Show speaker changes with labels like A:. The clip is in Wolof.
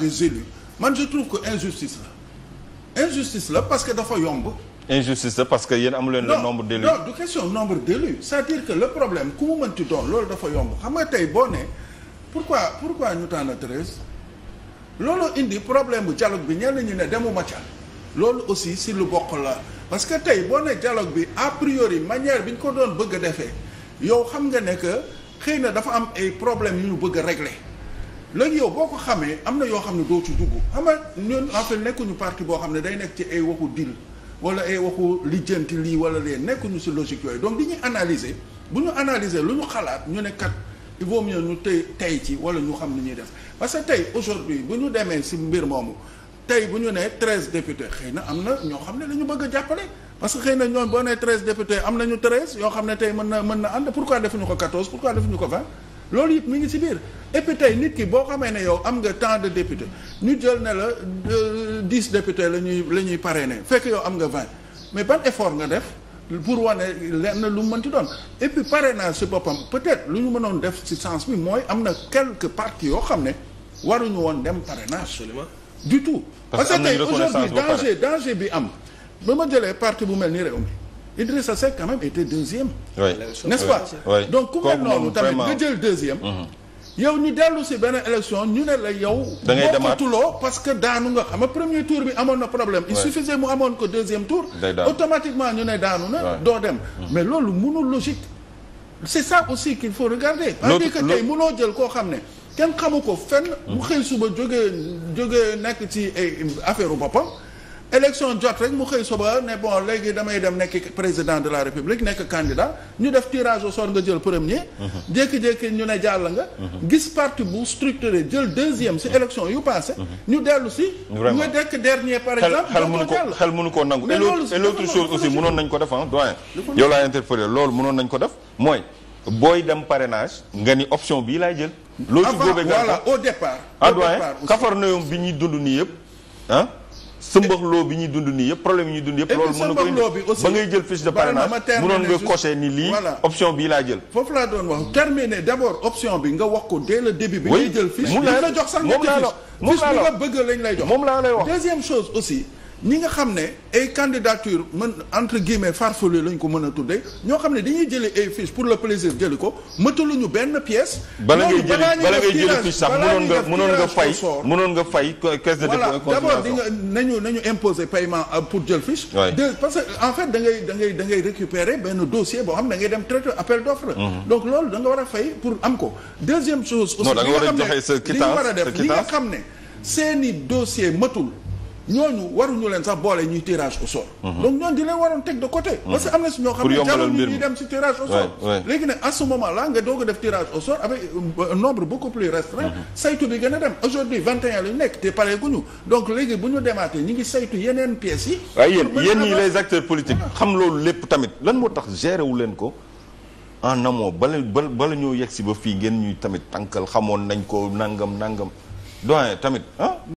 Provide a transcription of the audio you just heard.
A: les élus man je trouve que injustice la injustice la parce que dafa yomb.
B: injustice la parce que yéen amu leen. le nombre d'élus non
A: du question nombre d'élus sa à dire que le problème ku mu mënti doon loolu dafa yomb xam nga tey boo nee pourquoi pourquoi ñu tànn treize. loolu indi problème bu dialogue bi ñenn ñu ne demu demuma ca loolu aussi si lu bokk la parce que tey boo ne dialogue bi a priori manière bi ñu ko doon bëgg a defee yow xam nga ne que xëy na dafa am ay problèmes yu ñu bëgg a léegi yow boo ko xamee am na yoo xam ne doo ci duggu xam nga ñun en fait nekkuñu parti boo xam ne day nekk ci ay waxu dil wala ay waxu lijjanti lii wala lee nekkuñu si logique yooyu donc di ñuy analyser bu ñu analyser lu ñu xalaat ñu ne kat il vaut mieux tey tey ci wala ñu xam ni ñuy def parce que tey aujourd'hui bu ñu demee si mbir moomu tey bu ñu nee treize députés xëy na am na ñoo xam ne lañu bëgg a jàppale parce que xëy na ñoom boo nee treize députés am nañu treize yoo xam ne tey mën na mën na ànd pourquoi defuñu ko quatorze pourquoi defuñu ko loolu yëpp mu ngi si biir et tey nit ki boo xamee ne yow am nga tant de député ñu jël ne la euh, dix député la ñuy la ñuy parrainé fekk yow am nga vingt mais ban effort nga def pour wane na lu mu mënti doon et pare naa si boppam peut-être lu ñu mënoon def si sens bi mooy am na quelques partis yoo xam ne waruñu woon dem parrainage. absolument du tout. parce que tey aujourd'hui danger danger bi am ba ma jëlee parti bu mel ni réew mi. Idrissa Seck quand même était deuxième.
B: oui pas. donc ku mel noonu tamit nga jël deuxième. Mhm.
A: yow ñu dellu si beneen élection ñu ne la yow. da ngay bokkatuloo parce que daanu nga xam premier tour bi amoon na problème. il suffisait mu amoon ko deuxième tour. automatiquement ñu ne daanu na. doo dem mhm. mais loolu mënul logique. c'est ça aussi qu'il faut regarder. loolu que tey mënoo jël koo xam ne. kenn xamu ko fenn. mu mhm. xëy suba jógee jógee nekk ci ay eh, affaire boppam. élection jot rek mu xëy suba ne bon léegi damay dem nekk président de la république nekk candidat ñu def tirage au nga jël premier. Mhm. jékki-jékki ñu ne jàll nga. Mhm. gis parti bu structuré jël deuxième si mhm. élection yu passé
B: ñu dellu si. vraiment nga dekk dernier par exemple. xel mënu ko xel mënu ko nangu. mais loolu et l'autre chose aussi mënoon nañ ko def ah doyen. yow laa interpellé loolu mënoon nañ ko def mooy. booy dem parrainage nga ni option bii laay jël. loolu si góobee voilà au
A: départ. Ah, au départ ah doyen Kaffrine
B: bi ñuy dund nii yëpp ah. sëmbaxloo bi ñuy dund nii yëpp problème yi ñuy dund yëpp. loolu mën na ko indi ba ngay jël fiche de parrainage mënoon nga coché ni lii option bii laa jël. foofu laa doon wax
A: terminé d' abord option bi nga wax ko dès le début. bi ngay jël fiche bi la jox sax nga. moom laa la moom laa bi nga bëgg lañ lay jox. moom laa lay wax deuxième chose aussi. ñi nga xam ne ay candidature man entre guillemets farfelu lañ ko mën a tuddee ñoo xam ne dañuy jëli ay fiche pour le plaisir jëli ko mëtaluñu benn pièce. bala ngay jëli bala ngay jëli fiche mënoon nga mënoon nga fay mënoon
B: nga fay caisse de dépôt et consignation. voilà d'abord di nga
A: nañu nañu imposer paiement euh, pour parce que en fait da ngay da ngay da ngay récupérer benn dossier boo xam da ngay dem traité appel d'offre. Mhm. donc loolu da war a fay pour am ko. deuxième chose. aussi li nga xam ne non da nga war a joxe sa nga xam ne seeni dossier mëtul ñooñu waruñu leen sax boole ñuy tirage au sort. Mhm. donc ñooñu di leen waroon teg de côté. Mhm. parce que am na si ñoo xam ne jarul ñu ñuy dem si tirage au sort. léegi nag à ce moment là nga doog a def tirage au sort avec euh, un nombre beaucoup plus restreint. Mhm. saytu bi gën a dem aujourd'hui 21 la ñu nekk te
B: ñu donc léegi bu ñu demaatee ñu ngi
A: saytu yeneen pièces yi.
B: waaye yéen yéen ñi les acteurs politiques ah. xam loolu lépp tamit lan moo tax gérer wu leen ko. en amont bala bala bala ñoo yegg si ba fii ngeen ñuy tamit tànkal xamoon nañ ko nangam nangam doyen tamit ah?